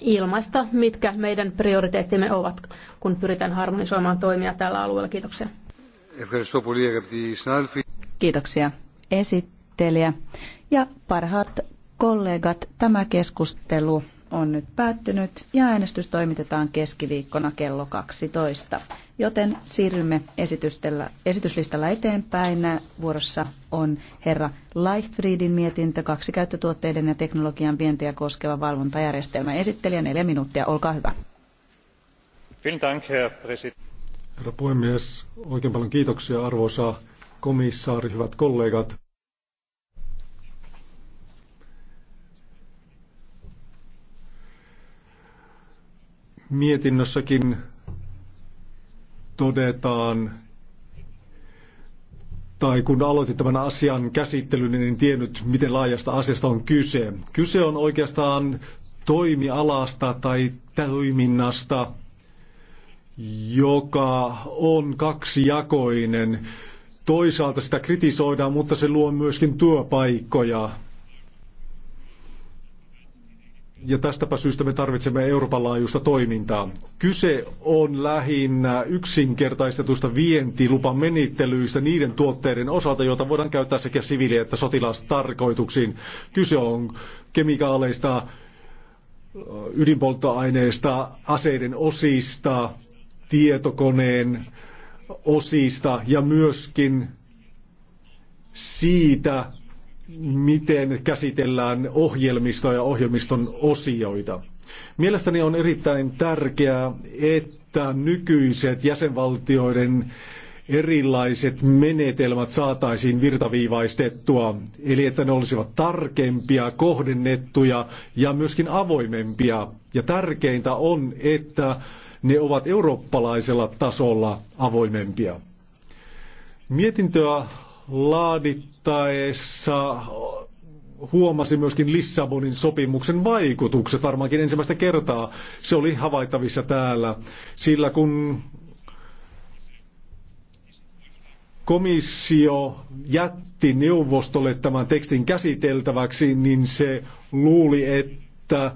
ilmaista, mitkä meidän prioriteettimme ovat, kun pyritään harmonisoimaan toimia tällä alueella. Kiitoksia. Kiitoksia esittelijä. Ja parhaat kollegat, tämä keskustelu on nyt päättynyt ja äänestys toimitetaan keskiviikkona kello 12 joten siirrymme esityslistalla eteenpäin. Vuorossa on herra Leichtfriedin mietintö, kaksi käyttötuotteiden ja teknologian vientiä koskeva valvontajärjestelmä. Esittelijä neljä minuuttia, olkaa hyvä. Herra puhemies, oikein paljon kiitoksia arvoisa komissaari, hyvät kollegat. Mietinnössäkin todetaan, tai kun aloitin tämän asian käsittelyn, niin en tiennyt, miten laajasta asiasta on kyse. Kyse on oikeastaan toimialasta tai toiminnasta, joka on kaksijakoinen. Toisaalta sitä kritisoidaan, mutta se luo myöskin työpaikkoja ja tästäpä syystä me tarvitsemme Euroopan laajuista toimintaa. Kyse on lähinnä yksinkertaistetusta vientilupamenettelyistä niiden tuotteiden osalta, joita voidaan käyttää sekä siviili- että sotilastarkoituksiin. Kyse on kemikaaleista, ydinpolttoaineista, aseiden osista, tietokoneen osista ja myöskin siitä, miten käsitellään ohjelmistoa ja ohjelmiston osioita. Mielestäni on erittäin tärkeää, että nykyiset jäsenvaltioiden erilaiset menetelmät saataisiin virtaviivaistettua, eli että ne olisivat tarkempia, kohdennettuja ja myöskin avoimempia. Ja tärkeintä on, että ne ovat eurooppalaisella tasolla avoimempia. Mietintöä laadittaessa huomasi myöskin Lissabonin sopimuksen vaikutukset varmaankin ensimmäistä kertaa. Se oli havaittavissa täällä, sillä kun komissio jätti neuvostolle tämän tekstin käsiteltäväksi, niin se luuli, että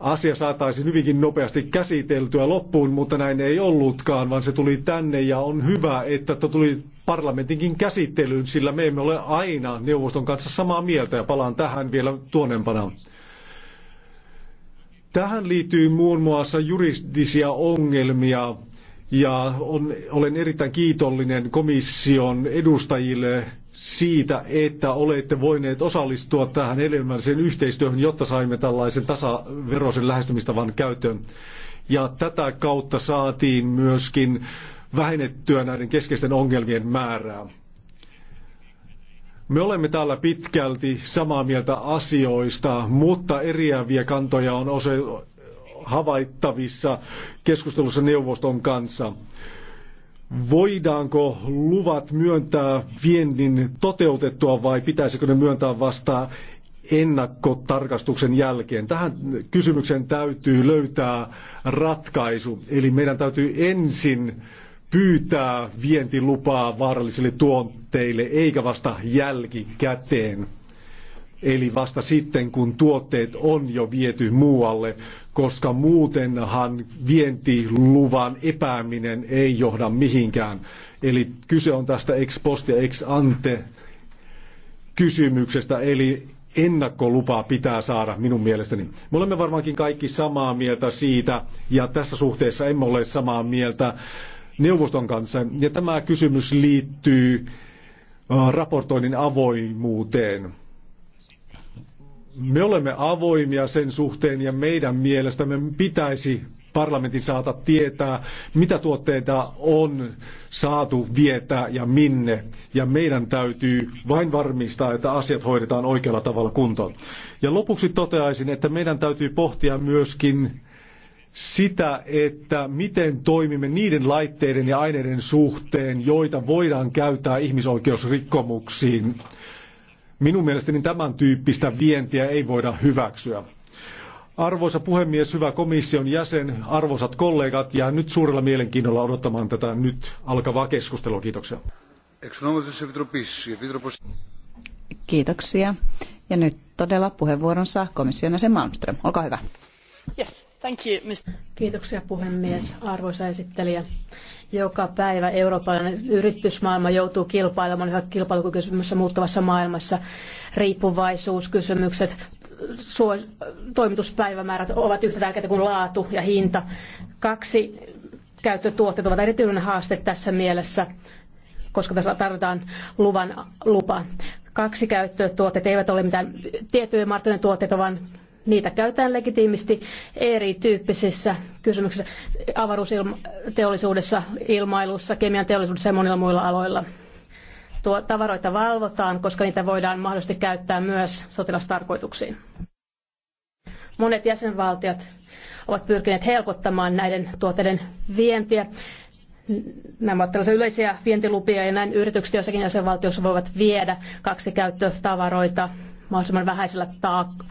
asia saataisiin hyvinkin nopeasti käsiteltyä loppuun, mutta näin ei ollutkaan, vaan se tuli tänne ja on hyvä, että tuli parlamentinkin käsittelyyn, sillä me emme ole aina neuvoston kanssa samaa mieltä ja palaan tähän vielä tuonempana. Tähän liittyy muun muassa juridisia ongelmia ja on, olen erittäin kiitollinen komission edustajille siitä, että olette voineet osallistua tähän elämälliseen yhteistyöhön, jotta saimme tällaisen tasaveroisen lähestymistavan käyttöön. Ja tätä kautta saatiin myöskin äh, vähennettyä näiden keskeisten ongelmien määrää. Me olemme täällä pitkälti samaa mieltä asioista, mutta eriäviä kantoja on osa havaittavissa keskustelussa neuvoston kanssa. Voidaanko luvat myöntää viennin toteutettua vai pitäisikö ne myöntää vasta ennakkotarkastuksen jälkeen. Tähän kysymykseen täytyy löytää ratkaisu. Eli meidän täytyy ensin pyytää vientilupaa vaarallisille tuotteille eikä vasta jälkikäteen. Eli vasta sitten, kun tuotteet on jo viety muualle, koska muutenhan vientiluvan epääminen ei johda mihinkään. Eli kyse on tästä ex post ja ex ante kysymyksestä, eli ennakkolupaa pitää saada minun mielestäni. Me olemme varmaankin kaikki samaa mieltä siitä, ja tässä suhteessa emme ole samaa mieltä neuvoston kanssa. Ja tämä kysymys liittyy äh, raportoinnin avoimuuteen. Me olemme avoimia sen suhteen ja meidän mielestämme pitäisi parlamentin saata tietää, mitä tuotteita on saatu vietää ja minne. Ja meidän täytyy vain varmistaa, että asiat hoidetaan oikealla tavalla kuntoon. Ja lopuksi toteaisin, että meidän täytyy pohtia myöskin sitä, että miten toimimme niiden laitteiden ja aineiden suhteen, joita voidaan käyttää ihmisoikeusrikkomuksiin. Minun mielestäni tämän tyyppistä vientiä ei voida hyväksyä. Arvoisa puhemies, hyvä komission jäsen, arvoisat kollegat, ja nyt suurella mielenkiinnolla odottamaan tätä nyt alkavaa keskustelua. Kiitoksia. Kiitoksia. Ja nyt todella puheenvuoron saa komission jäsen Malmström. Olkaa hyvä. Yes. Thank you, Kiitoksia puhemies, arvoisa esittelijä. Joka päivä eurooppalainen yritysmaailma joutuu kilpailemaan yhä kilpailukykyisemmässä muuttuvassa maailmassa. Riippuvaisuuskysymykset, toimituspäivämäärät ovat yhtä tärkeitä kuin laatu ja hinta. Kaksi käyttötuotteet ovat erityinen haaste tässä mielessä, koska tässä tarvitaan luvan lupa. Kaksi käyttötuotteet eivät ole mitään tiettyjä markkinatuotteita, vaan niitä käytetään legitiimisti erityyppisissä kysymyksissä avaruusteollisuudessa, ilmailussa, kemian teollisuudessa ja monilla muilla aloilla. Tuo tavaroita valvotaan, koska niitä voidaan mahdollisesti käyttää myös sotilastarkoituksiin. Monet jäsenvaltiot ovat pyrkineet helpottamaan näiden tuotteiden vientiä. Nämä ovat tällaisia yleisiä vientilupia ja näin yritykset joissakin jäsenvaltioissa voivat viedä kaksi käyttötavaroita mahdollisimman vähäisellä taak-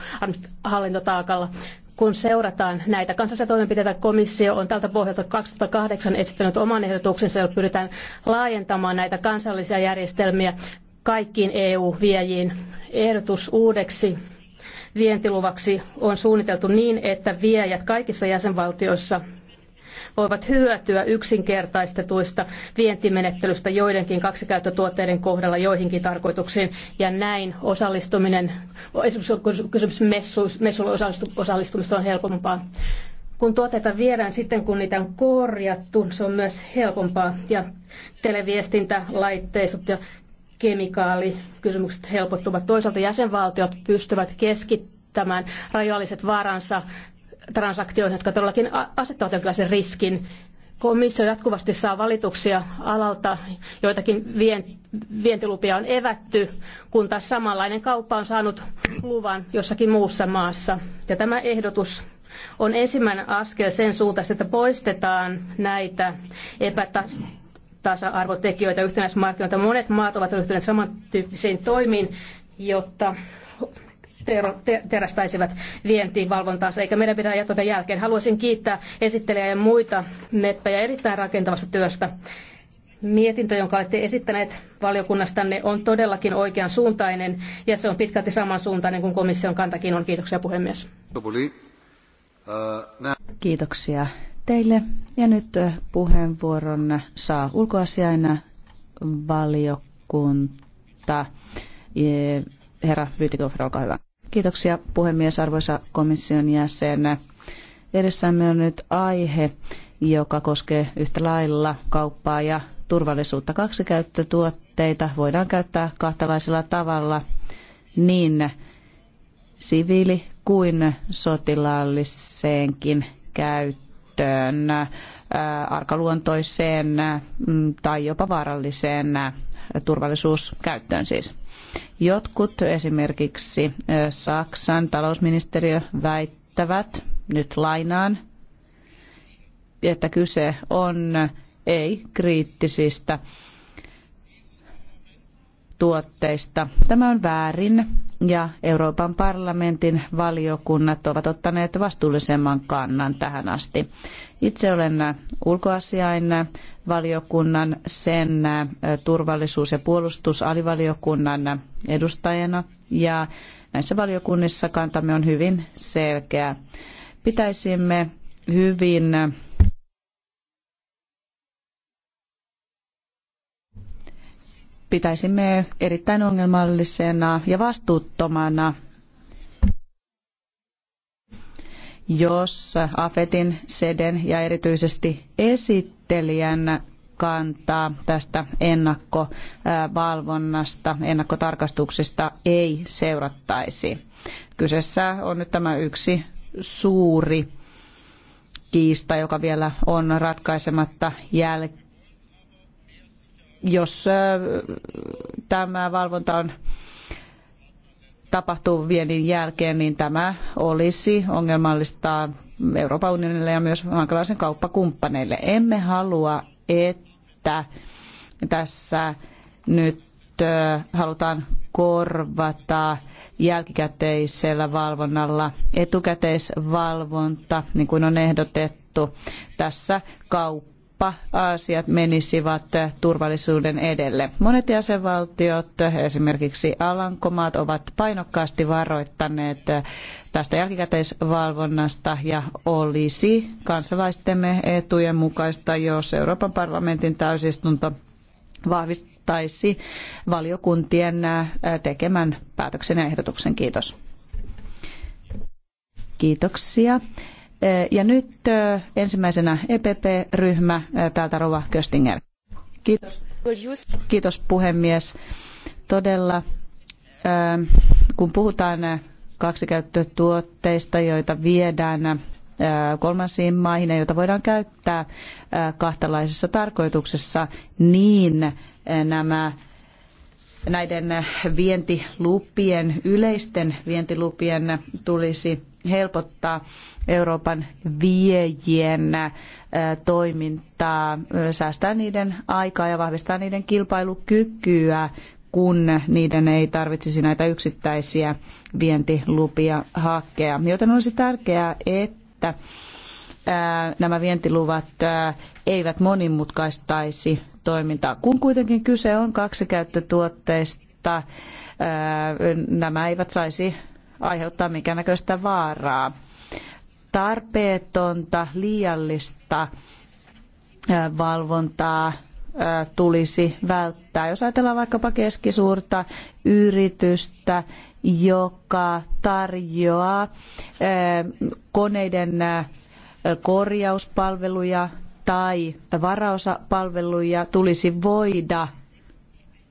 hallintotaakalla. Kun seurataan näitä kansallisia toimenpiteitä, komissio on tältä pohjalta 2008 esittänyt oman ehdotuksensa, jolla pyritään laajentamaan näitä kansallisia järjestelmiä kaikkiin EU-viejiin. Ehdotus uudeksi vientiluvaksi on suunniteltu niin, että viejät kaikissa jäsenvaltioissa – voivat hyötyä yksinkertaistetuista vientimenettelystä joidenkin kaksikäyttötuotteiden kohdalla joihinkin tarkoituksiin. Ja näin osallistuminen, esimerkiksi kysymys messuille osallistumista on helpompaa kun tuotteita viedään sitten, kun niitä on korjattu, se on myös helpompaa. Ja televiestintä, laitteistot ja kemikaalikysymykset helpottuvat. Toisaalta jäsenvaltiot pystyvät keskittämään rajalliset varansa transaktioihin, jotka todellakin asettavat jonkinlaisen riskin. Komissio jatkuvasti saa valituksia alalta, joitakin vientilupia on evätty, kun taas samanlainen kauppa on saanut luvan jossakin muussa maassa. Ja tämä ehdotus on ensimmäinen askel sen suuntaan, että poistetaan näitä epätasa-arvotekijöitä yhtenäismarkkinoilta. Monet maat ovat ryhtyneet samantyyppisiin toimiin, jotta ter- ter- terästäisivät vientivalvontaansa, eikä meidän pidä jättää jälkeen. Haluaisin kiittää esittelijä ja muita meppejä erittäin rakentavasta työstä. Mietintö, jonka olette esittäneet valiokunnastanne, on todellakin oikean suuntainen ja se on pitkälti samansuuntainen kuin komission kantakin on. Kiitoksia puhemies. Kiitoksia teille. Ja nyt äh, puheenvuoron saa ulkoasiaina valiokunta. Herra Vyytikofra, olkaa hyvä. Kiitoksia puhemies, arvoisa komission jäsen. Edessämme on nyt aihe, joka koskee yhtä lailla kauppaa ja turvallisuutta. Kaksikäyttötuotteita voidaan käyttää kahtalaisella tavalla niin siviili- kuin sotilaalliseenkin käyttöön, arkaluontoiseen mm, tai jopa vaaralliseen turvallisuuskäyttöön siis. Jotkut esimerkiksi Saksan talousministeriö väittävät, nyt lainaan, että kyse on ei-kriittisistä tuotteista. Tämä on väärin ja Euroopan parlamentin valiokunnat ovat ottaneet vastuullisemman kannan tähän asti. Itse olen ulkoasiain valiokunnan, sen turvallisuus- ja puolustusalivaliokunnan edustajana. Ja näissä valiokunnissa kantamme on hyvin selkeä. Pitäisimme hyvin pitäisimme erittäin ongelmallisena ja vastuuttomana jos AFETin, SEDen ja erityisesti esittelijän kantaa tästä ennakkovalvonnasta, ennakkotarkastuksista ei seurattaisi. Kyseessä on nyt tämä yksi suuri kiista, joka vielä on ratkaisematta jälkeen. Jos äh, tämä valvonta on tapahtuu viennin jälkeen, niin tämä olisi ongelmallista Euroopan unionille ja myös hankalaisen kauppakumppaneille. Emme halua, että tässä nyt halutaan korvata jälkikäteisellä valvonnalla etukäteisvalvonta, niin kuin on ehdotettu. Tässä kaup kauppa-asiat menisivät turvallisuuden edelle. Monet jäsenvaltiot, esimerkiksi Alankomaat, ovat painokkaasti varoittaneet tästä jälkikäteisvalvonnasta ja olisi kansalaistemme etujen mukaista, jos Euroopan parlamentin täysistunto vahvistaisi valiokuntien tekemän päätöksen ja ehdotuksen. Kiitos. Kiitoksia. Eh, ja nyt eh, ensimmäisenä EPP-ryhmä, eh, täältä Rova Köstinger. Kiitos, Kiitos puhemies. Todella, kun puhutaan kaksikäyttötuotteista, joita viedään kolmansiin maihin ja joita voidaan käyttää kahtalaisessa tarkoituksessa, niin nämä näiden vientilupien, yleisten vientilupien tulisi helpottaa Euroopan viejien toimintaa, säästää niiden aikaa ja vahvistaa niiden kilpailukykyä, kun niiden ei tarvitsisi näitä yksittäisiä vientilupia hakea. Joten olisi tärkeää, että nämä vientiluvat eivät monimutkaistaisi toimintaa. Kun kuitenkin kyse on kaksikäyttötuotteista, nämä eivät saisi aiheuttaa minkäännäköistä vaaraa. Tarpeetonta, liiallista valvontaa tulisi välttää. Jos ajatellaan vaikkapa keskisuurta yritystä, joka tarjoaa koneiden korjauspalveluja tai varaosapalveluja tulisi voida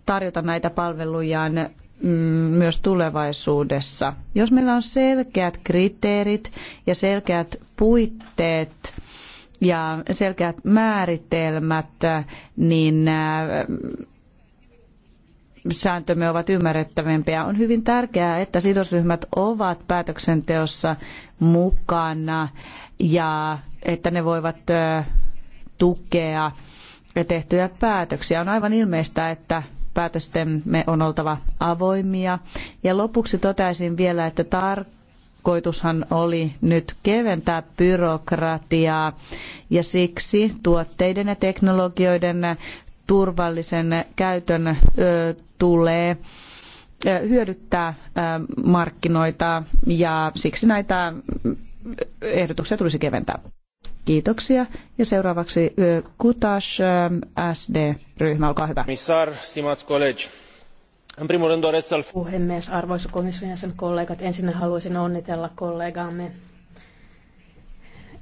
tarjota näitä palveluja mm, myös tulevaisuudessa. Jos meillä on selkeät kriteerit ja selkeät puitteet ja selkeät määritelmät, niin äh, sääntömme ovat ymmärrettävämpiä. On hyvin tärkeää, että sidosryhmät ovat päätöksenteossa mukana ja että ne voivat äh, tukea tehtyjä päätöksiä. On aivan ilmeistä, että päätöstemme on oltava avoimia. Ja lopuksi toteaisin vielä, että tarkoitushan oli nyt keventää byrokratiaa ja siksi tuotteiden ja teknologioiden turvallisen käytön tulee hyödyttää markkinoita ja siksi näitä ehdotuksia tulisi keventää. Kiitoksia. Ja seuraavaksi Kutas, SD-ryhmä, olkaa hyvä. Missar, stimați colegi. În primul rând doresc să Puhemies, arvoisa komission jäsen kollegat, ensin haluaisin onnitella kollegaamme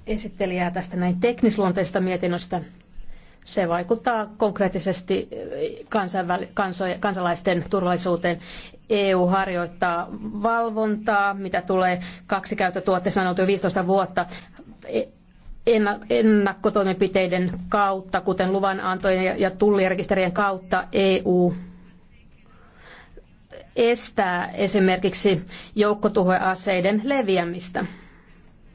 esittelijää tästä näin teknisluonteista mietinnöstä. Se vaikuttaa konkreettisesti kansainväl- kanso- kansalaisten turvallisuuteen. EU harjoittaa valvontaa, mitä tulee kaksi käyttötuotteessa on 15 vuotta e- ennakkotoimenpiteiden kautta, kuten luvanantojen ja tullirekisterien kautta EU estää esimerkiksi joukkotuhoaseiden leviämistä.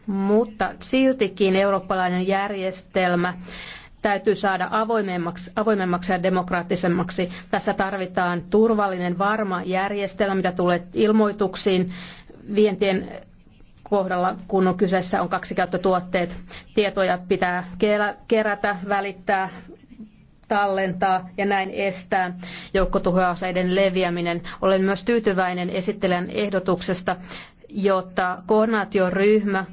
Mutta siltikin eurooppalainen järjestelmä täytyy saada avoimemmaksi, avoimemmaksi ja demokraattisemmaksi. Tässä tarvitaan turvallinen, varma järjestelmä, mitä tulee ilmoituksiin, vientien kohdalla, kun on kyseessä on kaksikäyttötuotteet. Tietoja pitää kerätä, välittää, tallentaa ja näin estää joukkotuhoaseiden leviäminen. Olen myös tyytyväinen esittelijän ehdotuksesta, jotta koordinaatioryhmä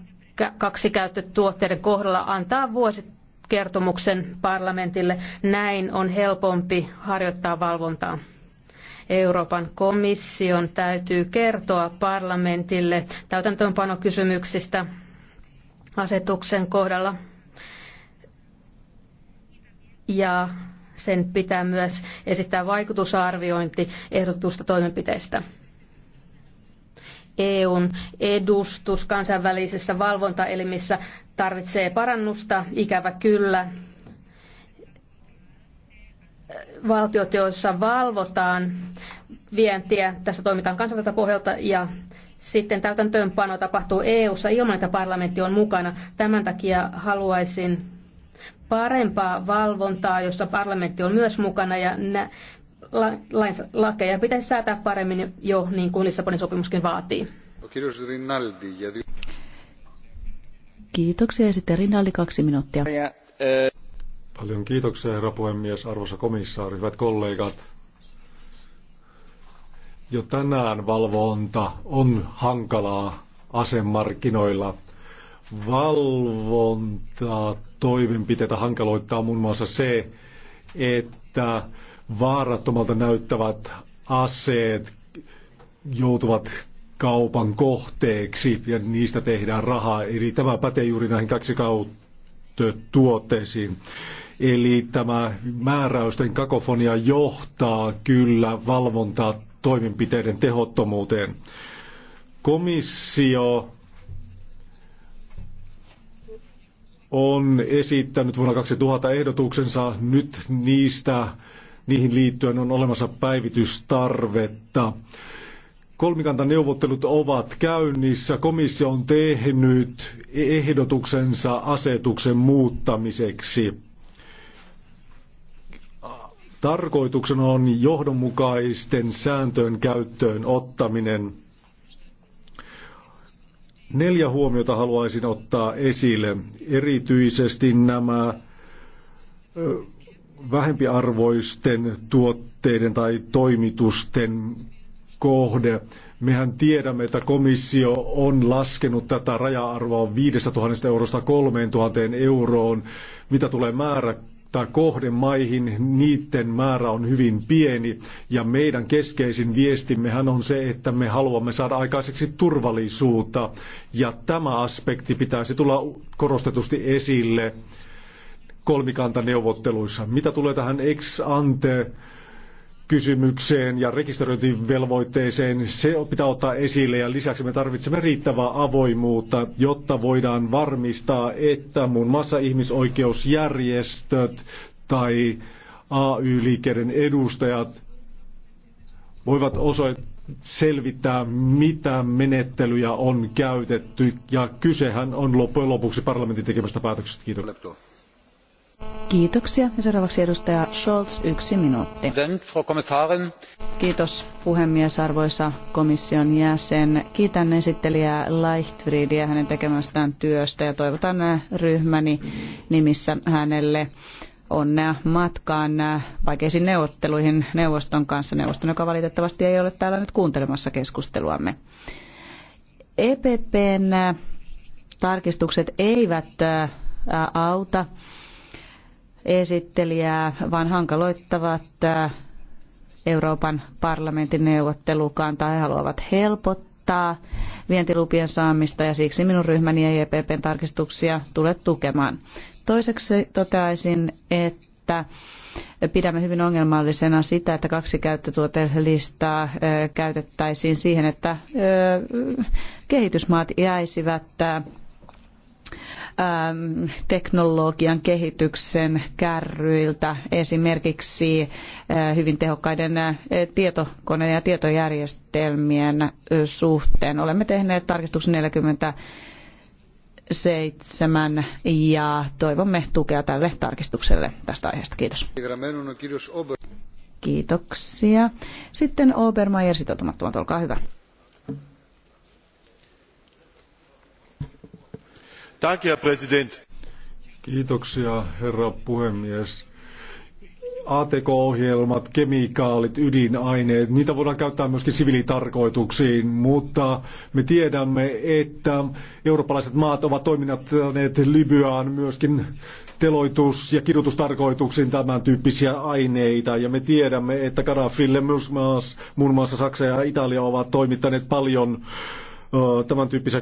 kaksikäyttötuotteiden kohdalla antaa vuosikertomuksen parlamentille. Näin on helpompi harjoittaa valvontaa. Euroopan komission täytyy kertoa parlamentille täytäntöönpanokysymyksistä asetuksen kohdalla. Ja sen pitää myös esittää vaikutusarviointi ehdotusta toimenpiteistä. EUn edustus kansainvälisissä valvontaelimissä tarvitsee parannusta, ikävä kyllä valtiot, joissa valvotaan vientiä. Tässä toimitaan kansalliselta pohjalta ja sitten täytäntöönpano tapahtuu EU-ssa ilman, että parlamentti on mukana. Tämän takia haluaisin parempaa valvontaa, jossa parlamentti on myös mukana ja nä- lakeja pitäisi säätää paremmin jo niin kuin Lissabonin sopimuskin vaatii. Kiitoksia ja sitten Rinaldi kaksi minuuttia. Paljon kiitoksia, herra puhemies, arvoisa komissaari, hyvät kollegat. Jo tänään valvonta on hankalaa asemarkkinoilla. Valvonta toimenpiteitä hankaloittaa muun muassa se, että vaarattomalta näyttävät aseet joutuvat kaupan kohteeksi ja niistä tehdään rahaa. Eli tämä pätee juuri näihin kaksi kautta tuotteisiin. Eli tämä määräysten kakofonia johtaa kyllä valvontaa toimenpiteiden tehottomuuteen. Komissio on esittänyt vuonna 2000 ehdotuksensa. Nyt niistä, niihin liittyen on olemassa päivitystarvetta. Kolmikantaneuvottelut ovat käynnissä. Komissio on tehnyt ehdotuksensa asetuksen muuttamiseksi. Tarkoituksena on johdonmukaisten sääntöön käyttöön ottaminen. Neljä huomiota haluaisin ottaa esille. Erityisesti nämä vähempiarvoisten tuotteiden tai toimitusten kohde. Mehän tiedämme, että komissio on laskenut tätä raja-arvoa 5000 eurosta 3000 euroon, mitä tulee määrä mutta kohdemaihin, niiden määrä on hyvin pieni. Ja meidän keskeisin viestimmehän on se, että me haluamme saada aikaiseksi turvallisuutta. Ja tämä aspekti pitäisi tulla korostetusti esille kolmikantaneuvotteluissa. Mitä tulee tähän ex ante kysymykseen ja rekisteröintivelvoitteeseen, se pitää ottaa esille ja lisäksi me tarvitsemme riittävää avoimuutta, jotta voidaan varmistaa, että muun muassa ihmisoikeusjärjestöt tai AY-liikkeiden edustajat voivat osoittaa selvittää, mitä menettelyjä on käytetty, ja kysehän on loppujen lopuksi parlamentin tekemästä päätöksestä. Kiitos. Kiitoksia. Ja seuraavaksi edustaja Scholz, yksi minuutti. Kiitos puhemies, arvoisa komission jäsen. Kiitän esittelijää Leichtfriedia hänen tekemästään työstä ja toivotan ryhmäni nimissä hänelle onnea matkaan vaikeisiin neuvotteluihin neuvoston kanssa, neuvoston, joka valitettavasti ei ole täällä nyt kuuntelemassa keskusteluamme. EPPn tarkistukset eivät auta esittelijää, vaan hankaloittavat äh, Euroopan parlamentin neuvottelukantaa. He haluavat helpottaa vientilupien saamista ja siksi minun ryhmäni ei EPPn tarkistuksia tule tukemaan. Toiseksi toteaisin, että pidämme hyvin ongelmallisena sitä, että kaksi käyttötuotelistaa äh, käytettäisiin siihen, että äh, kehitysmaat jäisivät Ähm, teknologian kehityksen kärryiltä, esimerkiksi äh, hyvin tehokkaiden äh, tietokoneiden ja tietojärjestelmien äh, suhteen. Olemme tehneet tarkistuksen 47 ja toivomme tukea tälle tarkistukselle tästä aiheesta. Kiitos. Kiitoksia. Sitten Obermeier sitoutumattomat, olkaa hyvä. Danke, puhemies. Kiitoksia, herra puhemies. ATK-ohjelmat, kemikaalit, ydinaineet, niitä voidaan käyttää myöskin siviilitarkoituksiin, mutta me tiedämme, että eurooppalaiset maat ovat toiminnattaneet Libyaan myöskin teloitus- ja kidutustarkoituksiin tämän tyyppisiä aineita. Ja me tiedämme, että Gaddafille myös maas, muun muassa Saksa ja Italia ovat toimittaneet paljon tämän tyyppisiä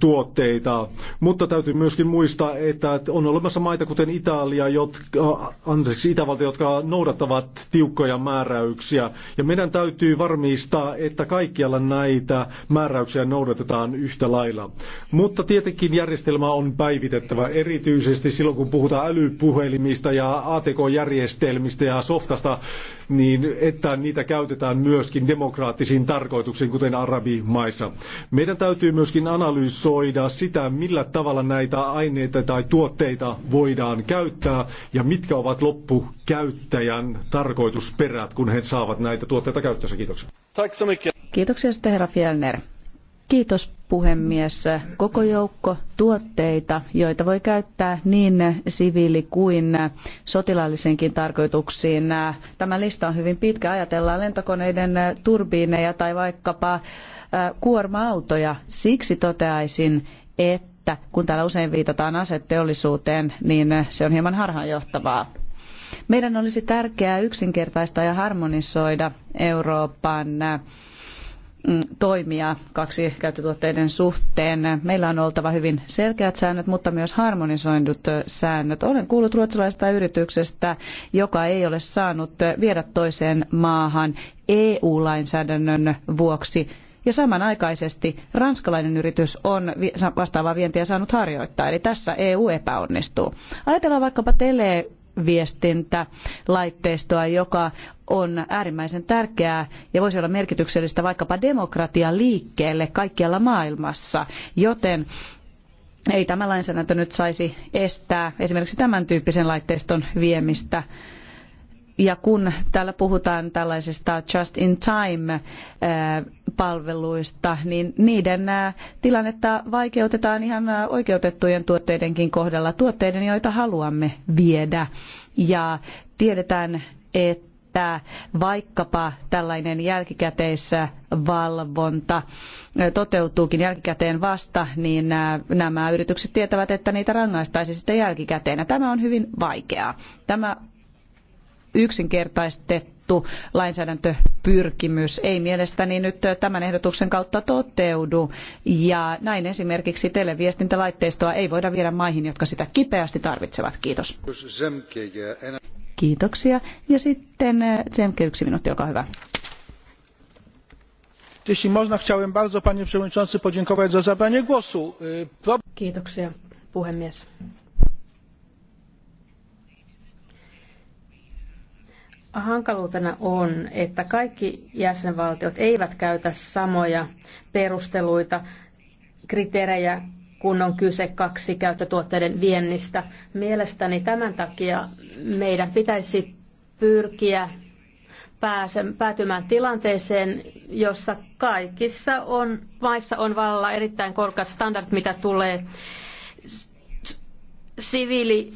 tuotteita, Mutta täytyy myöskin muistaa, että on olemassa maita kuten Italia, jotka, anteeksi, Itävalta, jotka noudattavat tiukkoja määräyksiä. Ja meidän täytyy varmistaa, että kaikkialla näitä määräyksiä noudatetaan yhtä lailla. Mutta tietenkin järjestelmä on päivitettävä erityisesti silloin, kun puhutaan älypuhelimista ja ATK-järjestelmistä ja softasta, niin että niitä käytetään myöskin demokraattisiin tarkoituksiin, kuten arabimaissa. Meidän täytyy myöskin analysoida sitä, millä tavalla näitä aineita tai tuotteita voidaan käyttää ja mitkä ovat loppukäyttäjän tarkoitusperät, kun he saavat näitä tuotteita käyttöönsä. Kiitoksia. Kiitoksia sitten herra Fjellner. Kiitos puhemies. Koko joukko tuotteita, joita voi käyttää niin siviili- kuin sotilaallisiinkin tarkoituksiin. Tämä lista on hyvin pitkä. Ajatellaan lentokoneiden turbiineja tai vaikkapa kuorma-autoja. Siksi toteaisin, että kun täällä usein viitataan aseteollisuuteen, niin se on hieman harhaanjohtavaa. Meidän olisi tärkeää yksinkertaistaa ja harmonisoida Euroopan Mm, toimia kaksi käyttötuotteiden suhteen. Meillä on oltava hyvin selkeät säännöt, mutta myös harmonisoidut säännöt. Olen kuullut ruotsalaisesta yrityksestä, joka ei ole saanut viedä toiseen maahan EU-lainsäädännön vuoksi ja samanaikaisesti ranskalainen yritys on vastaavaa vientiä saanut harjoittaa. Eli tässä EU epäonnistuu. Ajatellaan vaikkapa tele viestintälaitteistoa, joka on äärimmäisen tärkeää ja voisi olla merkityksellistä vaikkapa demokratia liikkeelle kaikkialla maailmassa. Joten ei tämä lainsäädäntö nyt saisi estää esimerkiksi tämän tyyppisen laitteiston viemistä ja kun täällä puhutaan tällaisista just in time äh, palveluista, niin niiden äh, tilannetta vaikeutetaan ihan äh, oikeutettujen tuotteidenkin kohdalla, tuotteiden, joita haluamme viedä. Ja tiedetään, että vaikkapa tällainen jälkikäteissä valvonta toteutuukin jälkikäteen vasta, niin nämä yritykset tietävät, että niitä rangaistaisi sitten jälkikäteen. Ja tämä on hyvin vaikeaa. Tämä yksinkertaistettu lainsäädäntöpyrkimys ei mielestäni nyt tämän ehdotuksen kautta toteudu. Ja näin esimerkiksi televiestintälaitteistoa ei voida viedä maihin, jotka sitä kipeästi tarvitsevat. Kiitos. Kiitoksia. Ja sitten eh, Zemke, yksi minuutti, olkaa hyvä jeśli można chciałem bardzo panie przewodniczący podziękować za zabranie głosu. Kiitoksia puhemies. hankaluutena on, että kaikki jäsenvaltiot eivät käytä samoja perusteluita, kriteerejä, kun on kyse kaksi käyttötuotteiden viennistä. Mielestäni tämän takia meidän pitäisi pyrkiä pääsen, päätymään tilanteeseen, jossa kaikissa on, maissa on valla erittäin korkeat standardit, mitä tulee siviili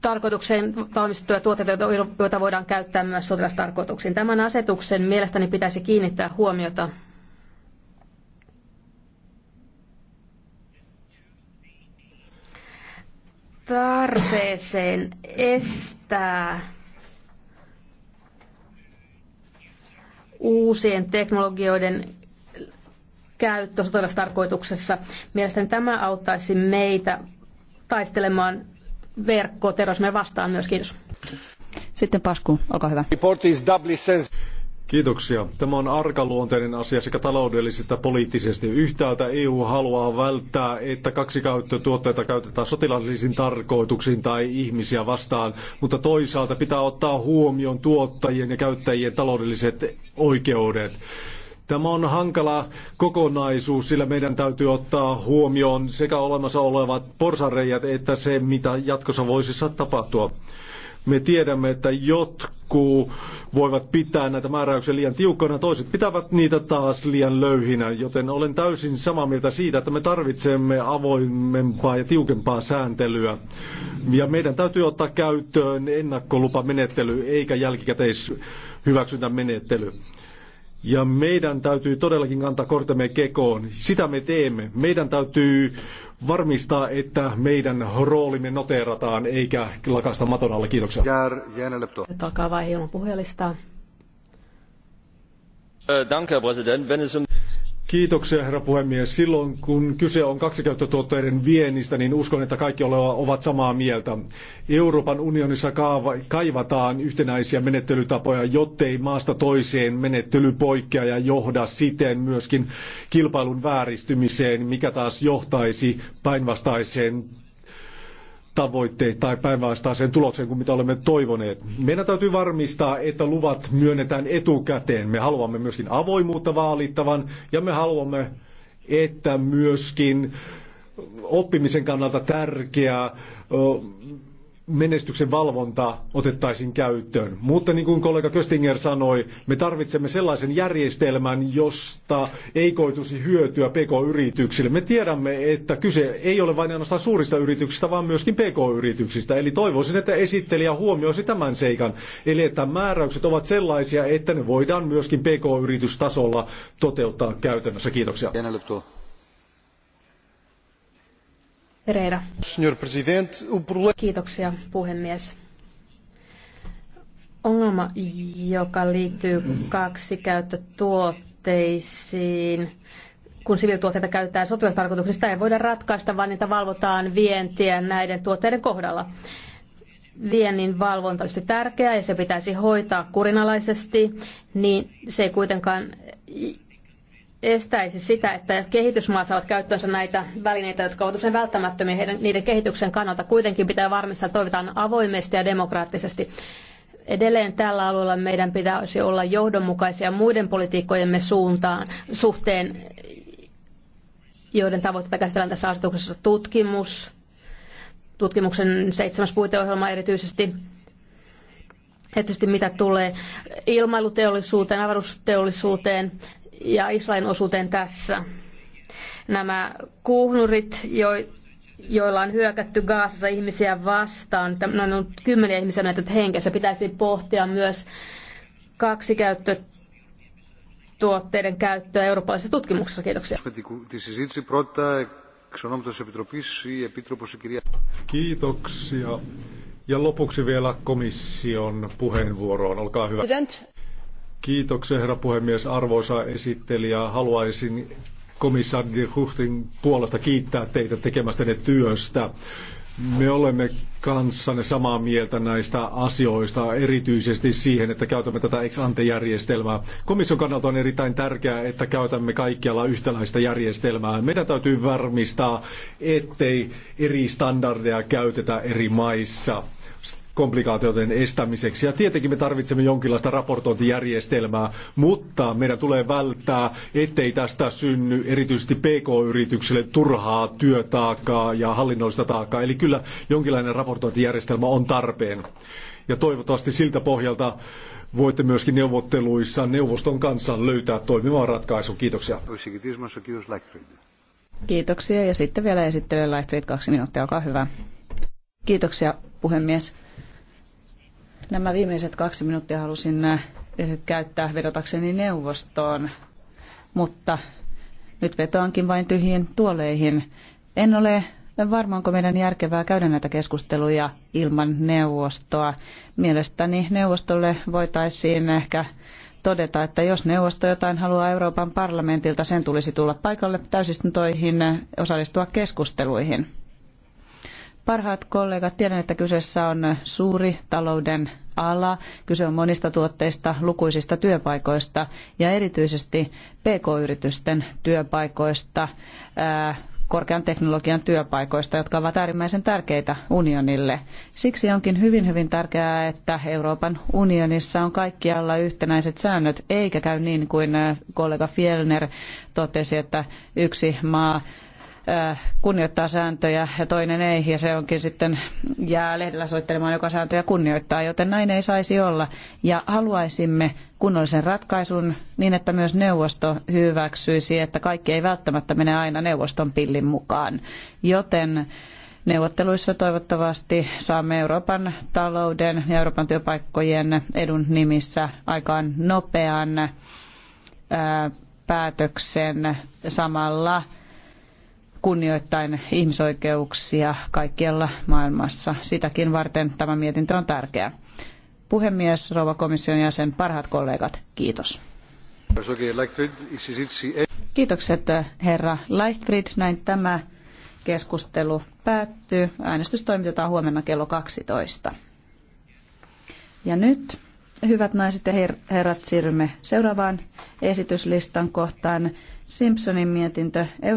tarkoitukseen valmistettuja tuotteita, joita voidaan käyttää myös sotilastarkoituksiin. Tämän asetuksen mielestäni pitäisi kiinnittää huomiota tarpeeseen estää uusien teknologioiden käyttö sotilastarkoituksessa. Mielestäni tämä auttaisi meitä taistelemaan verkkoterrorismia vastaan myös. Kiitos. Sitten Pasku, olkaa hyvä. Kiitoksia. Tämä on arkaluonteinen asia sekä taloudellisesti että poliittisesti. Yhtäältä EU haluaa välttää, että kaksi käyttötuotteita käytetään sotilaallisiin tarkoituksiin tai ihmisiä vastaan, mutta toisaalta pitää ottaa huomioon tuottajien ja käyttäjien taloudelliset oikeudet. Tämä on hankala kokonaisuus, sillä meidän täytyy ottaa huomioon sekä olemassa olevat porsareijat että se, mitä jatkossa voisi tapahtua. Me tiedämme, että jotkut voivat pitää näitä määräyksiä liian tiukkoina, toiset pitävät niitä taas liian löyhinä, joten olen täysin samaa mieltä siitä, että me tarvitsemme avoimempaa ja tiukempaa sääntelyä. Ja meidän täytyy ottaa käyttöön ennakkolupamenettely eikä jälkikäteishyväksyntämenettely. menettely. Ja meidän täytyy todellakin kantaa kortemme kekoon. Sitä me teemme. Meidän täytyy varmistaa, että meidän roolimme noteerataan eikä lakasta maton alle. Kiitoksia. Jär, Nyt alkaa vaihe ilman puhujalistaa. Äh, danke, president. Wenn es um Kiitoksia, herra puhemies. Silloin kun kyse on kaksikäyttötuotteiden viennistä, niin uskon, että kaikki ovat samaa mieltä. Euroopan unionissa kaivataan yhtenäisiä menettelytapoja, jottei maasta toiseen menettely poikkea ja johda siten myöskin kilpailun vääristymiseen, mikä taas johtaisi päinvastaiseen tavoitteet tai päinvastaiseen tulokseen kuin mitä olemme toivoneet. Meidän täytyy varmistaa, että luvat myönnetään etukäteen. Me haluamme myöskin avoimuutta vaalittavan ja me haluamme, että myöskin oppimisen kannalta tärkeää menestyksen valvonta otettaisiin käyttöön. Mutta niin kuin kollega Köstinger sanoi, me tarvitsemme sellaisen järjestelmän, josta ei koituisi hyötyä PK-yrityksille. Me tiedämme, että kyse ei ole vain ainoastaan suurista yrityksistä, vaan myöskin PK-yrityksistä. Eli toivoisin, että esittelijä huomioisi tämän seikan. Eli että määräykset ovat sellaisia, että ne voidaan myöskin PK-yritystasolla toteuttaa käytännössä. Kiitoksia arvoisa puhemies. Ongelma, joka liittyy kaksikäyttötuotteisiin, kun siviilituotteita käytetään sotilastarkoituksista, ei voida ratkaista, vaan niitä valvotaan vientiä näiden tuotteiden kohdalla. Viennin valvonta olisi tärkeää ja se pitäisi hoitaa kurinalaisesti, niin se ei kuitenkaan estäisi sitä, että kehitysmaat saavat käyttöönsä näitä välineitä, jotka ovat usein välttämättömiä heidän, niiden kehityksen kannalta. Kuitenkin pitää varmistaa, että toimitaan avoimesti ja demokraattisesti. Edelleen tällä alueella meidän pitäisi olla johdonmukaisia muiden politiikkojemme suuntaan, suhteen, joiden tavoitteita käsitellään tässä asetuksessa tutkimus, tutkimuksen seitsemäs puiteohjelma erityisesti, ja tietysti mitä tulee ilmailuteollisuuteen, avaruusteollisuuteen, ja Israelin osuuteen tässä. Nämä kuhnurit, jo, joilla on hyökätty Gaasassa ihmisiä vastaan, noin on kymmeniä ihmisiä näitä henkessä, pitäisi pohtia myös kaksikäyttö tuotteiden käyttöä eurooppalaisessa tutkimuksessa. Kiitoksia. Kiitoksia. Ja lopuksi vielä komission puheenvuoroon. Olkaa hyvä. President. Kiitoksia, herra puhemies. Arvoisa esittelijä, haluaisin komissaari Huhtin puolesta kiittää teitä tekemästänne työstä. Me olemme kanssanne samaa mieltä näistä asioista, erityisesti siihen, että käytämme tätä ex ante järjestelmää. Komission kannalta on erittäin tärkeää, että käytämme kaikkialla yhtäläistä järjestelmää. Meidän täytyy varmistaa, ettei eri standardeja käytetä eri maissa komplikaatioiden estämiseksi. Ja tietenkin me tarvitsemme jonkinlaista raportointijärjestelmää, mutta meidän tulee välttää, ettei tästä synny erityisesti PK-yrityksille turhaa työtaakaa ja hallinnollista taakkaa. Eli kyllä jonkinlainen raportointijärjestelmä on tarpeen. Ja toivottavasti siltä pohjalta voitte myöskin neuvotteluissa neuvoston kanssa löytää toimiva ratkaisu. Kiitoksia. Kiitoksia ja sitten vielä esittelee Lightread kaksi minuuttia, olkaa hyvä. Kiitoksia puhemies. Nämä viimeiset kaksi minuuttia halusin äh, käyttää vedotakseni neuvostoon, mutta nyt vetoankin vain tyhjiin tuoleihin. En ole varma, onko meidän järkevää käydä näitä keskusteluja ilman neuvostoa. Mielestäni neuvostolle voitaisiin ehkä todeta, että jos neuvosto jotain haluaa Euroopan parlamentilta, sen tulisi tulla paikalle täysistuntoihin, osallistua keskusteluihin. Parhaat kollegat, tiedän, että kyseessä on suuri talouden ala. Kyse on monista tuotteista, lukuisista työpaikoista ja erityisesti pk-yritysten työpaikoista, korkean teknologian työpaikoista, jotka ovat äärimmäisen tärkeitä unionille. Siksi onkin hyvin, hyvin tärkeää, että Euroopan unionissa on kaikkialla yhtenäiset säännöt, eikä käy niin kuin kollega Fielner totesi, että yksi maa kunnioittaa sääntöjä ja toinen ei, ja se onkin sitten jää lehdellä soittelemaan, joka sääntöjä kunnioittaa, joten näin ei saisi olla. Ja haluaisimme kunnollisen ratkaisun niin, että myös neuvosto hyväksyisi, että kaikki ei välttämättä mene aina neuvoston pillin mukaan. Joten neuvotteluissa toivottavasti saamme Euroopan talouden ja Euroopan työpaikkojen edun nimissä aikaan nopean päätöksen samalla kunnioittain ihmisoikeuksia kaikkialla maailmassa. Sitäkin varten tämä mietintö on tärkeä. Puhemies, rouva komission jäsen, parhaat kollegat, kiitos. Kiitokset herra Leichtfried. Näin tämä keskustelu päättyy. Äänestys toimitetaan huomenna kello 12. Ja nyt, hyvät naiset ja herrat, siirrymme seuraavaan esityslistan kohtaan. Simpsonin mietintö Euro